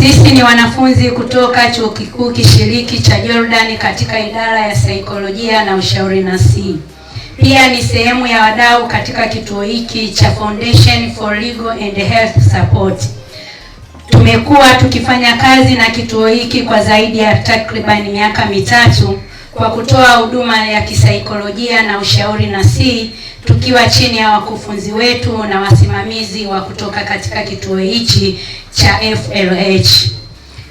Sisi ni wanafunzi kutoka Chuo Kikuu Kishiriki cha Jordan katika idara ya saikolojia na ushauri nafsi. Pia ni sehemu ya wadau katika kituo hiki cha Foundation for Legal and Health Support. Tumekuwa tukifanya kazi na kituo hiki kwa zaidi ya takriban miaka mitatu kwa kutoa huduma ya kisaikolojia na ushauri nafsi tukiwa chini ya wakufunzi wetu na wasimamizi wa kutoka katika kituo hichi cha FLH.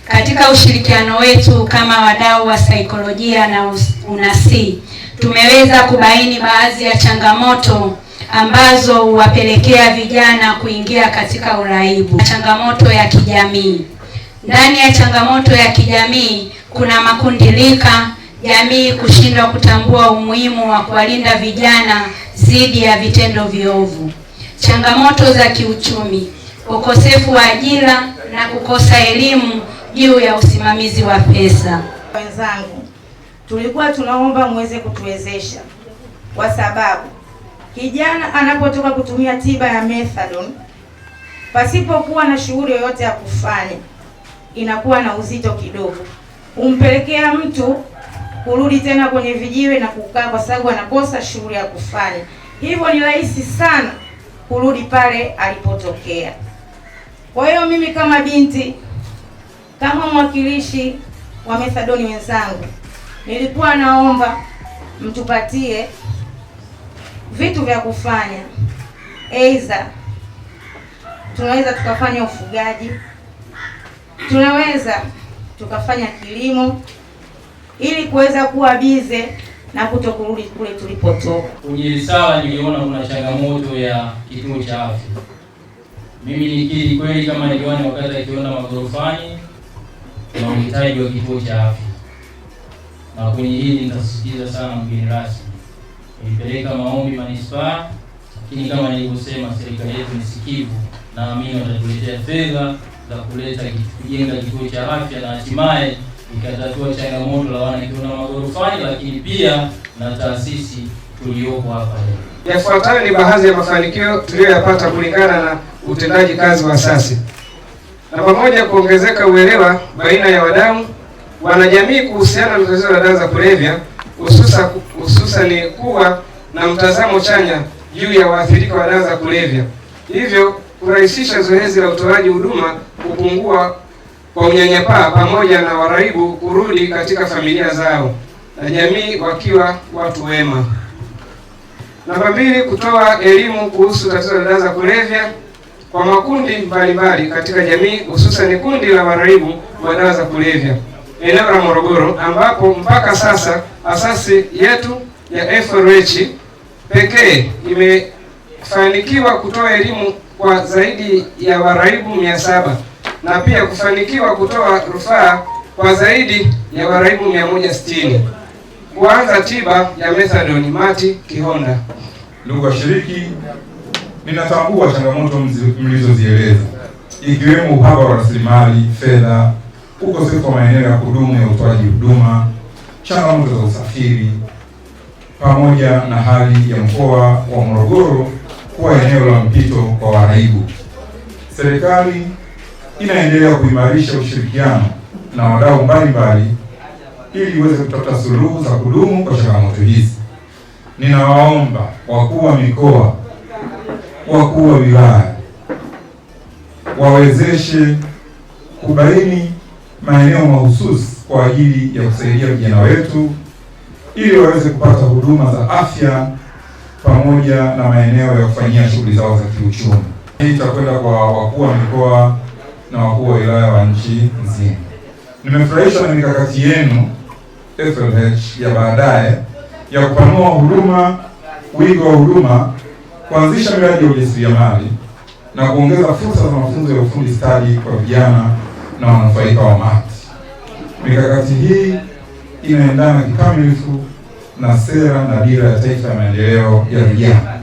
Katika ushirikiano wetu kama wadau wa saikolojia na unasi, tumeweza kubaini baadhi ya changamoto ambazo huwapelekea vijana kuingia katika uraibu. Changamoto ya kijamii. Ndani ya changamoto ya kijamii kuna makundilika, jamii kushindwa kutambua umuhimu wa kuwalinda vijana dhidi ya vitendo viovu, changamoto za kiuchumi, ukosefu wa ajira na kukosa elimu juu ya usimamizi wa pesa. Wenzangu, tulikuwa tunaomba muweze kutuwezesha kwa sababu kijana anapotoka kutumia tiba ya methadone pasipokuwa na shughuli yoyote ya kufanya inakuwa na uzito kidogo, umpelekea mtu kurudi tena kwenye vijiwe na kukaa, kwa sababu anakosa shughuli ya kufanya. Hivyo ni rahisi sana kurudi pale alipotokea. Kwa hiyo mimi kama binti, kama mwakilishi wa methadoni wenzangu, nilikuwa naomba mtupatie vitu vya kufanya, aidha tunaweza tukafanya ufugaji, tunaweza tukafanya kilimo ili kuweza kuwa bize na kutokurudi kule tulipotoka. Kwenye risala niliona kuna changamoto ya kituo cha afya. Mimi nikiri kweli kama diwani, wakati akiona magorofani na uhitaji wa kituo cha afya, na kwenye hili nitasisitiza sana mgeni rasmi, nilipeleka maombi manispaa, lakini kama nilivyosema, serikali yetu ni sikivu, naamini watatuletea fedha za kuleta kujenga kituo cha afya na hatimaye ikatatua changamoto la wanakiona magorofani, lakini pia na taasisi tuliyoko hapa leo. Yafuatayo ni baadhi ya mafanikio tuliyoyapata kulingana na utendaji kazi wa asasi. na pamoja kuongezeka uelewa baina ya wadau wanajamii kuhusiana na tatizo la dawa za kulevya, hususa ni kuwa na mtazamo chanya juu ya waathirika wa dawa za kulevya, hivyo kurahisisha zoezi la utoaji huduma kupungua kwa unyanyapaa pamoja na waraibu kurudi katika familia zao na jamii wakiwa watu wema. Namba mbili, kutoa elimu kuhusu tatizo la dawa za kulevya kwa makundi mbalimbali katika jamii hususani kundi la waraibu wa dawa za kulevya eneo la Morogoro, ambapo mpaka sasa asasi yetu ya FRH pekee imefanikiwa kutoa elimu kwa zaidi ya waraibu mia saba na pia kufanikiwa kutoa rufaa kwa zaidi ya waraibu 160 kuanza tiba ya methadone Mati Kihonda. Ndugu washiriki, ninatambua changamoto mlizozieleza ikiwemo uhaba wa rasilimali fedha, ukosefu wa maeneo ya kudumu ya utoaji huduma, changamoto za usafiri, pamoja na hali ya mkoa wa Morogoro kuwa eneo la mpito kwa waraibu. Serikali inaendelea kuimarisha ushirikiano na wadau mbalimbali ili iweze kutafuta suluhu za kudumu kwa changamoto hizi. Ninawaomba wakuu wa mikoa, wakuu wa wilaya wawezeshe kubaini maeneo mahususi kwa ajili ya kusaidia vijana wetu ili waweze kupata huduma za afya pamoja na maeneo ya kufanyia shughuli zao za kiuchumi. Hii itakwenda kwa wakuu wa mikoa na wakuu wa wilaya wa nchi nzima. Nimefurahishwa na mikakati yenu FLH ya baadaye ya kupanua huduma, wigo wa huduma, kuanzisha miradi ya ujasiriamali na kuongeza fursa za mafunzo ya ufundi stadi kwa vijana na wanufaika wa mati Mikakati hii inaendana kikamilifu na sera na dira ya taifa ya maendeleo ya vijana.